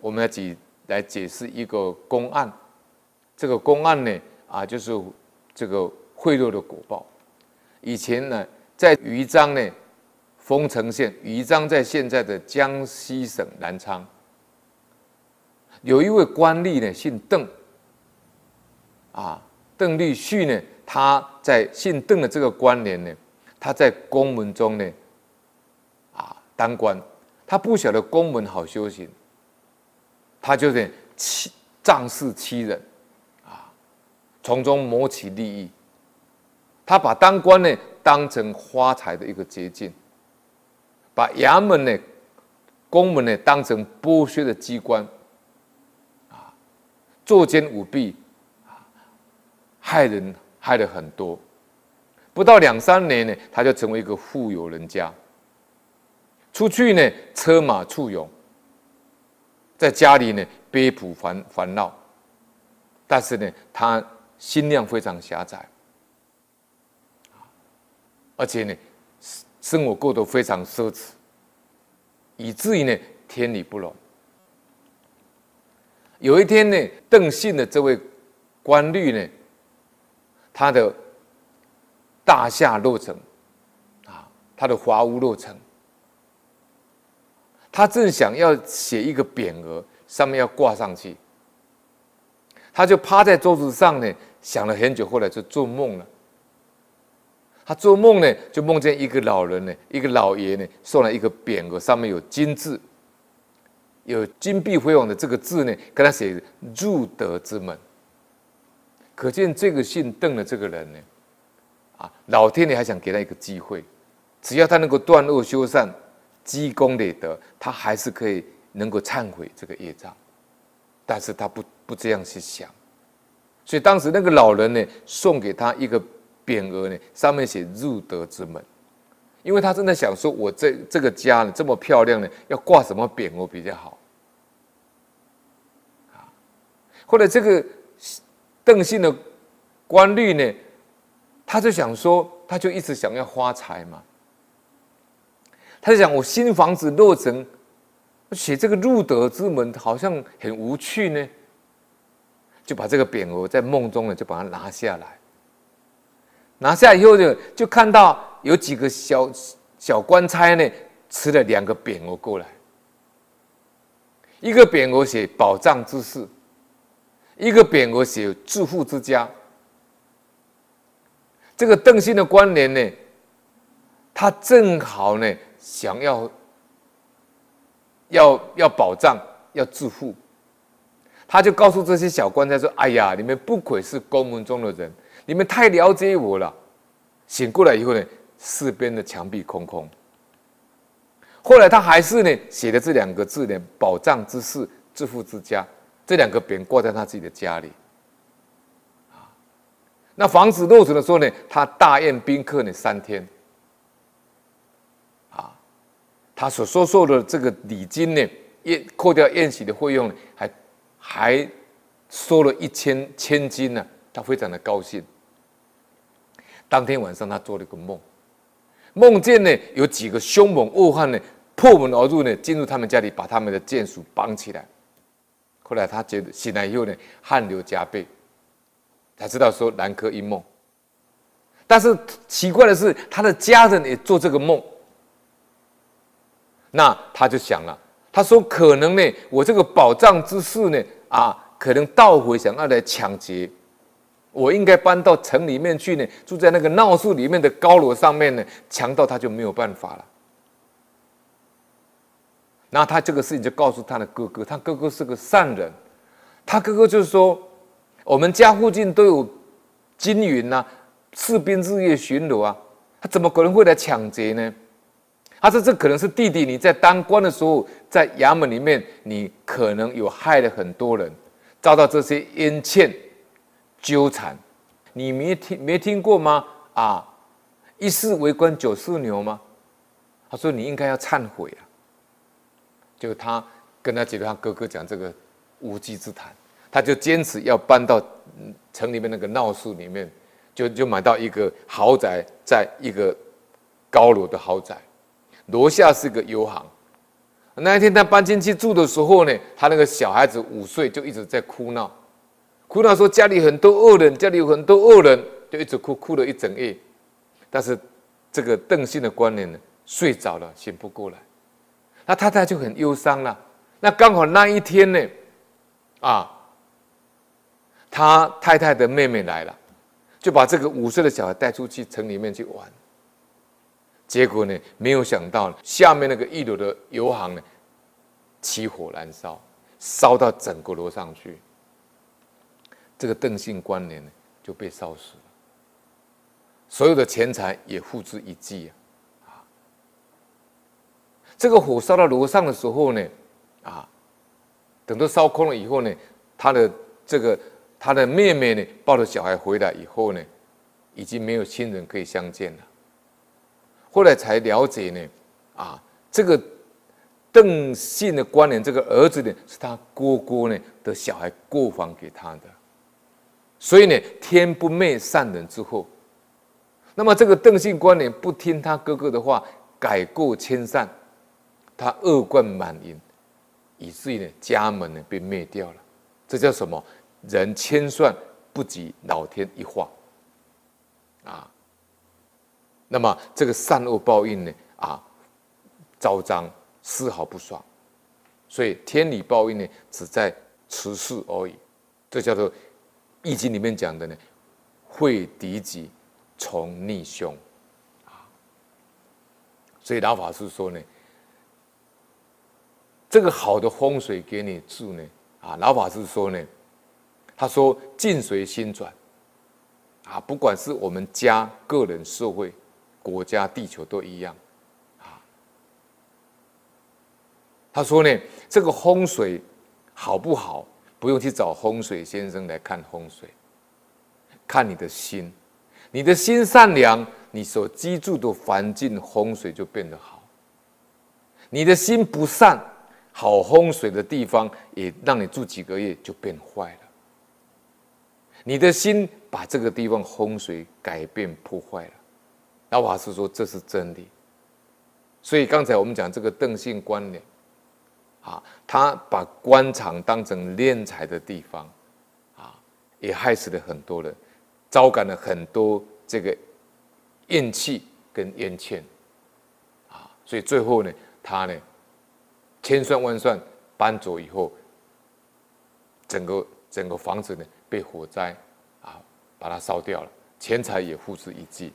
我們來解來解釋一個公案，這個公案呢啊，就是這個賄賂的果報。以前呢，在豫章呢，豐城縣，豫章在現在的江西省南昌，有一位官吏呢，姓鄧，啊，鄧立旭呢，他在姓鄧的這個官聯呢，他在公門中呢，啊，當官，他不曉得公門好修行。他就得欺仗勢欺人，啊，從中謀取利益。他把當官呢當成發財的一個捷徑，把衙門呢、公門呢當成剝削的機關，啊，作奸舞弊，害人害了很多。不到兩三年呢，他就成為一個富有人家。出去呢，車馬簇擁。在家裡呢，悲苦煩煩惱，但是呢，他心量非常狹窄，而且呢，生活過得非常奢侈，以至於呢，天理不容。有一天呢，鄧姓的這位官吏呢，他的大廈落成，啊，他的華屋落成。他正想要寫一個匾額，上面要掛上去，他就趴在桌子上呢，想了很久，後來就做夢了。他做夢呢，就夢見一個老人呢，一個老爺呢，送了一個匾額，上面有“金”字，有“金碧輝煌”的這個字呢，跟他寫“入德之門”。可見這個姓鄧的這個人呢，啊，老天爺還想給他一個機會，只要他能夠斷惡修善。積功累德，他還是可以能夠懺悔這個業障，但是他不不這樣去想，所以當時那個老人呢，送給他一個匾額呢，上面寫“入德之門”，因為他真的想說，我這這個家呢，這麼漂亮呢，要掛什麼匾額比較好？啊，後來這個鄧姓的官吏呢，他就想說，他就一直想要發財嘛。他就講：“我新房子落成，我寫這個入德之門好像很無趣呢。”就把這個匾額在夢中呢，就把它拿下來。拿下以後呢，就就看到有幾個小小官差呢，持了兩個匾額過來。一個匾額寫“寶藏之事”，一個匾額寫“致富之家”。這個鄧姓的關聯呢，他正好呢。想要要要保障，要致富，他就告訴這些小官在說：“哎呀，你們不愧是公門中的人，你們太了解我了。”醒過來以後呢，四邊的牆壁空空。後來他還是呢，寫的這兩個字呢：“保障之事，致富之家。”這兩個匾掛在他自己的家裡。那房子落成的時候呢，他大宴賓客呢三天。他所收受的這個禮金呢，也扣掉宴席的費用呢，還還收了一千千金呢，啊。他非常的高興。當天晚上，他做了一個夢，夢見呢有幾個凶猛惡漢呢破門而入呢，進入他們家裡，把他們的眷屬綁、綁起來。後來他覺得醒來以後呢，汗流浹背，才知道說南柯一夢。但是奇怪的是，他的家人也做這個夢。那他就想了，他說：“可能呢，我這個寶藏之事呢，啊，可能盜匪想要來搶劫，我應該搬到城裡面去呢，住在那個鬧市裡面的高樓上面呢，強盜他就沒有辦法了。”那他這個事情就告訴他的哥哥，他哥哥是個善人，他哥哥就是說，我們家附近都有軍營啊，士兵日夜巡邏啊，他怎麼可能會來搶劫呢？他說：“這可能是弟弟，你在當官的時候，在衙門裡面，你可能有害了很多人，遭到這些冤欠糾纏。你沒聽沒聽過嗎？啊，一世為官九世牛嗎？”他說：“你應該要懺悔啊。”就他跟他姐姐、他哥哥講這個無稽之談，他就堅持要搬到城裡面那個鬧市裡面，就就買到一個豪宅，在一個高樓的豪宅。樓下是個油行，那一天他搬進去住的時候呢，他那個小孩子五歲就一直在哭鬧，哭鬧說家裡很多惡人，家裡有很多惡人，就一直哭，哭了一整夜。但是這個鄧姓的官員呢，睡着了醒不過來，那太太就很憂傷了。那剛好那一天呢，啊，他太太的妹妹來了，就把這個五歲的小孩帶出去城裡面去玩。結果呢，沒有想到下面那個一樓的油行呢，起火燃燒，燒到整個樓上去。這個鄧姓官員呢就被燒死了，所有的錢財也付之一炬啊，啊！這個火燒到樓上的時候呢，啊，等到燒空了以後呢，他的這個他的妹妹呢抱着小孩回來以後呢，已經沒有親人可以相見了。後來才了解呢，啊，這個鄧姓的官員，這個兒子呢，是他哥哥呢的小孩過房給他的，所以呢，天不滅善人之後，那麼這個鄧姓官員，不聽他哥哥的話，改過遷善，他惡貫滿盈，以至於呢，家門呢被滅掉了，這叫什麼？人千算不及老天一劃啊。那麼這個善惡報應呢？啊，昭彰絲毫不爽。所以天理報應呢，只在此世而已。這叫做《易經》裡面講的呢，惠迪吉，從逆凶啊。所以老法師說呢，這個好的風水給你住呢，啊，老法師說呢，他說境隨心轉啊，不管是我們家、個人、社會。國家、地球都一樣，啊。他說呢，這個風水好不好，不用去找風水先生來看風水，看你的心。你的心善良，你所居住的環境風水就變得好。你的心不善，好風水的地方也讓你住幾個月就變壞了。你的心把這個地方風水改變破壞了。阿我還是說，這是真理，所以剛才我們講這個鄧姓官員，啊，他把官場當成斂財的地方，啊，也害死了很多人，招感了很多這個怨氣跟冤欠，啊，所以最後呢，他呢，千算萬算搬走以後，整個整個房子呢被火災啊把它燒掉了，錢財也付之一炬。